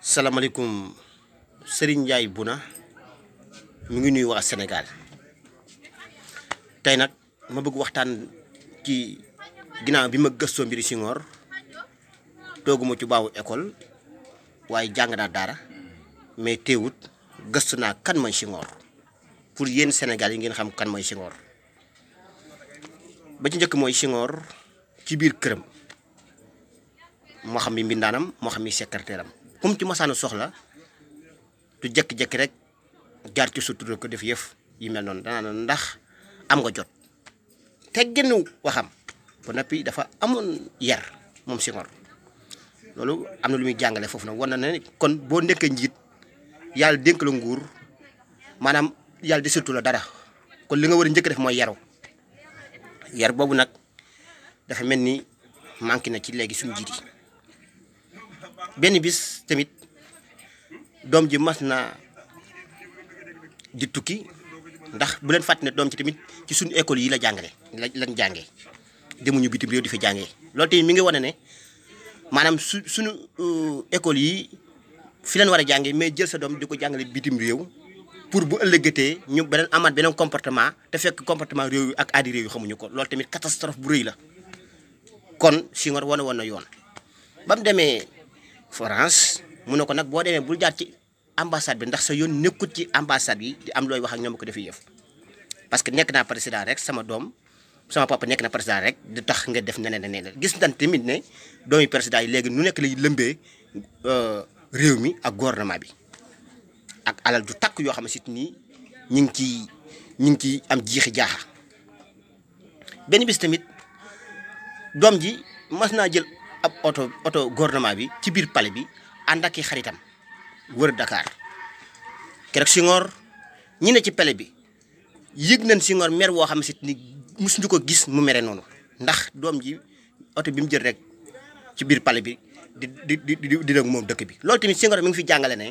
salaamaaleykum Serigne Ndiaye Bouna mu ngi nuyu waa Sénégal tey nag ma bëgg waxtaan ci ginnaaw bi ma gëstoo mbir si Senghor tooguma ci baawu école waaye jàng naa daara mais teewut gëstu naa kan mooy Senghor pour yéen Sénégal yi ngeen xam kan mooy Senghor ba ci njëkk mooy Senghor ci biir këram moo xam ni mbindaanam moo xam mi secrétaire comme ci masaana soxla du jékki-jékki rek jaar ci sutura ko def yëf yi mel noonu danaa ndax am nga jot tegginu waxam ba noppi dafa amoon yar moom Senghor loolu am na lu muy jàngale foofu nag war na ne kon boo nekkee njiit yàlla dénk la nguur maanaam yàlla desitu la dara kon li nga war a njëkk def mooy yaru yar boobu nag dafa mel ni manqué na ci léegi sum njiit benn bis tamit doom ji mas na di tukki ndax bu leen fàtte ne doom ci tamit ci suñu école yi la jàngale la lañ jàngee demuñu bitim réew di fi jànge loolu tamit mi ngi wane ne maanaam su suñu euh, école yi fi leen war a jàngee mais jël sa doom di ko jàngale bitim réew pour bu ëllëgatee ñu beneen amaat beneen comportement te fekk comportement réew yu ak aadi réew yu xamuñu ko loolu tamit catastrophe bu rëy la kon si nga wane woon na yoon ba demee France mu ne ko nag boo demee bul jaar ci ambassade bi ndax sa yoon nekkut ci ambassade bi di am looy wax ak ñoom ko def yëf parce que nekk naa président rek sama doom sama papa nekk na président rek du tax nga def neneen neneen gis nañ tamit ne doomi président yi léegi nu nekk lay lëmbee euh, réew mi ak gouvernement bi ak alal ju takk yoo xam ne si nii ñu ngi ciy ñu ngi ciy am jiixi jaaxa bis tamit doom ji mas naa jël ab oto oto gouvernement bi ci biir palais bi ànd ak i xaritam wër Dakar keroog Senghor ñi ne ci palais bi yëg nañ Senghor mer woo xam ne ni musuñu ko gis mu mere noonu ndax doom ji oto bi mu jël rek ci biir palais bi di di di di di moom dëkk bi. loolu tamit Senghor mi ngi fi jàngale ne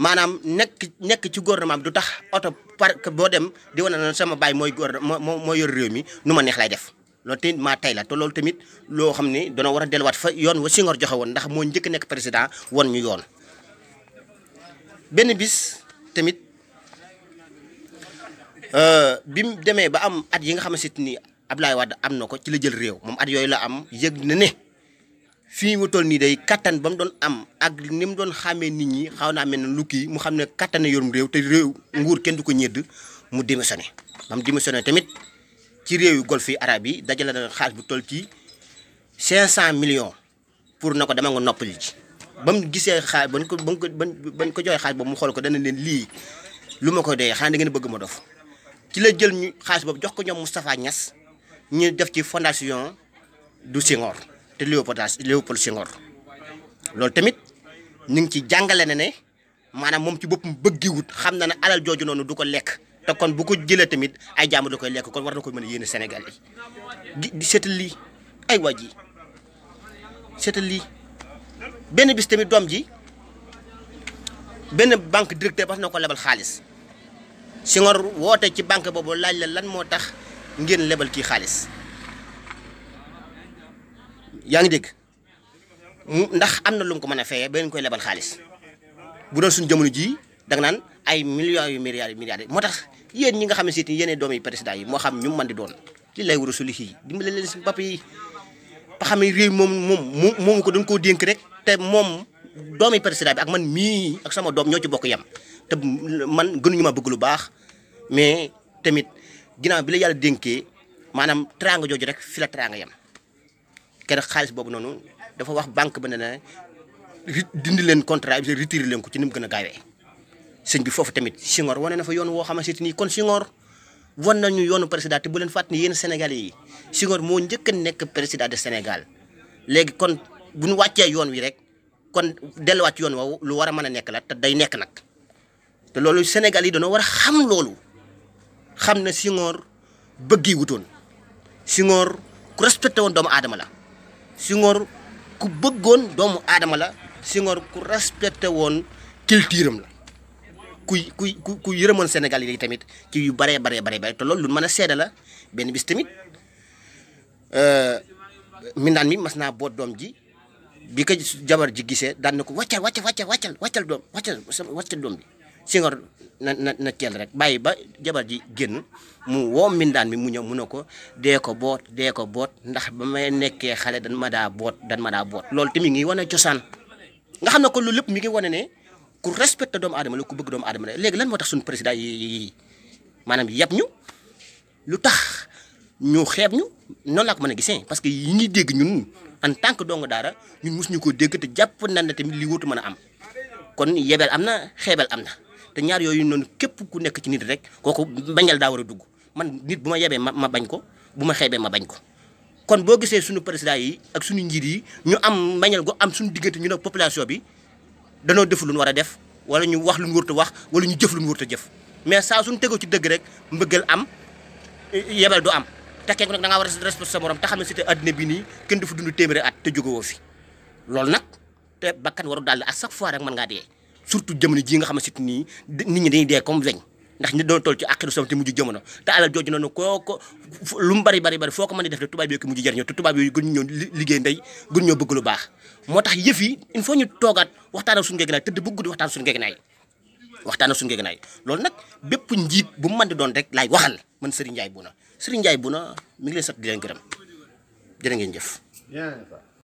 maanaam nekk nekk ci gouvernement bi du tax oto par boo dem di wane na sama baay mooy góor moo moo yor réew mi nu ma neex lay def. loolu tamit maa tay la te loolu tamit loo xam ne dana war a delluwaat fa yoon wa Senghor joxe woon ndax moo njëkk nekk président won ñu yoon benn bis tamit euh, bi mu demee ba am at yi nga xamante ni Abdoulaye Wade am na ko ci la jël réew moom at yooyu la am yëg na ne fii mu toll nii day kattan ba mu doon am ak ni mu doon xame nit ñi xaw naa mel ne lu mu xam ne kattan na yorum réew te réew nguur kenn du ko ñedd mu démissionné ba mu tamit. ci réew yu golfe arab yi dajale na xaalis bu toll ci 500 million pour na ko dama nga noppali ji ba mu gisee xaalis ba ko ba ñu ba ñu ko joxee xaalis boobu mu xool ko dana leen lii lu ma ko dee xanaa da ngeen bëgg ma dof ci la jël ñu xaalis boobu jox ko ñoom Moustapha Niass ñu def ci fondation du Senghor te Léopold Léopold Senghor tamit ñu ngi ci jàngale na ne maanaam moom ci boppam bëggiwut xam na ne alal jooju noonu du ko lekk. te kon bu ko jëlee tamit ay jàmm da koy lekk kon war na ko mën a yéene Sénégal yi lii ay waaj yi seetal lii benn bis tamit doom ji benn banque directeur ba na ko lebal xaalis Senghor woote ci banque boobu laaj la lan moo tax ngeen lebal kii xaalis yaa ngi dégg ndax am na lu ko mën a fayee ba ngeen koy lebal xaalis bu doon suñu jamono jii. da nga naan ay millions yu milliards yu moo tax yéen ñi nga xam ne si yéen doom yi président yi moo xam ñu mën di doon li lay war a soli xii dimbale leen si papa yi ba xam ne réew moom moom moomu ko dañ koo dénk rek te moom doomi président bi ak man mii ak sama doom ñoo ci bokk yem te man gënuñu ma bëgg lu baax mais tamit ginnaaw bi la yàlla dénkee maanaam teraanga jooju rek fi la teraanga yem kenn xaalis boobu noonu dafa wax banque ba ne na dindi leen contrat bi retiré leen ko ci nu mu gën a gaawee sëñ bi foofu tamit Senghor wane na fa yoon woo xamante ni kon Senghor wan nañu yoonu président te bu leen fàttali yéen Sénégalais yi Senghor moo njëkk nekk président de Sénégal léegi kon bu ñu wàccee yoon wi rek kon delluwaat yoon woowu lu war a mën a nekk la te day nekk nag te loolu Sénégal yi dañoo war a xam loolu xam ne Senghor bëgg yi wutoon Senghor ku respecté woon doomu aadama la Senghor ku bëggoon doomu aadama la Senghor ku respecté woon culture la. kuy kuy ku yërëmoon Sénégal yi tamit ci yu baree baree baree bare te loolu lu mën a seede la benn bis tamit euh, mindaan mi mas naa boot doom ji bi ko jabar ji gisee daan na ko wàccal wàccal wàccal wàccal wàccal doom wàccal bi Senghor na na na rek bàyyi ba jabar ji génn mu woo mindaan mi mu ñëw mu ne ko dee ko boot dee ko boot ndax ba may nekkee xale dan ma daa boot dan ma boot loolu tamit mi ngi wane cosaan nga xam ne ko loolu lépp mi ngi wane ne ku respecté doomu aadama la ku bëgg doomu aadama la léegi lan moo tax suñu président yi maanaam yab ñu lu tax ñu xeeb ñu noonu la ko mën a gisee parce que yi dégg ñun en tant que dong daara ñu ko dégg te jàpp nañ ne tamit li wutu mën a am kon yebeel am na xeebeel am na te ñaar yooyu noonu képp ku nekk ci nit rek kooku bañal daa war a dugg man nit bu ma yebee ma ma bañ ko bu ma xeebee ma bañ ko. kon boo gisee suñu président yi ak suñu njiit yi ñu am mañeel go am suñu diggante ñu ne population bi. danoo defu lu war a def wala ñu wax lu ñu wax wala ñu jëf lu ñu jëf mais saa suñu tegoo ci dëgg rek mbëggal am yebel du am te kenn nekk da ngaa war a respecté sa morom te xam ne c'était addina bi nii kenn dafa dund téeméeri at te jógewoo fi loolu nag te bakkan waru daal à chaque fois rek mën ngaa dee surtout jamono jii nga xam ne surtout nii nit ñi dañuy dee comme weñ ndax nit doon toll ci àqiru sama te mujj jamono te alal jooju noonu ko lu mu bari bari foo ko mën di def rek tubaab yooyu ko mujj jariñoo te tubaab yooyu gën ñoo liggéey ndey gën ñoo bëgg lu baax moo tax yëf yi il faut ñu toogaat waxtaan ak suñu ngegnaay tëdd bu guddi waxtaan suñu ngegnaay waxtaan ak suñu ngegnaay loolu nag bépp njiit bu mu mën di doon rek laay waxal man bu Ndiaye Bouna Serigne bu Bouna mi ngi leen sant di leen gërëm jërë ngeen jëf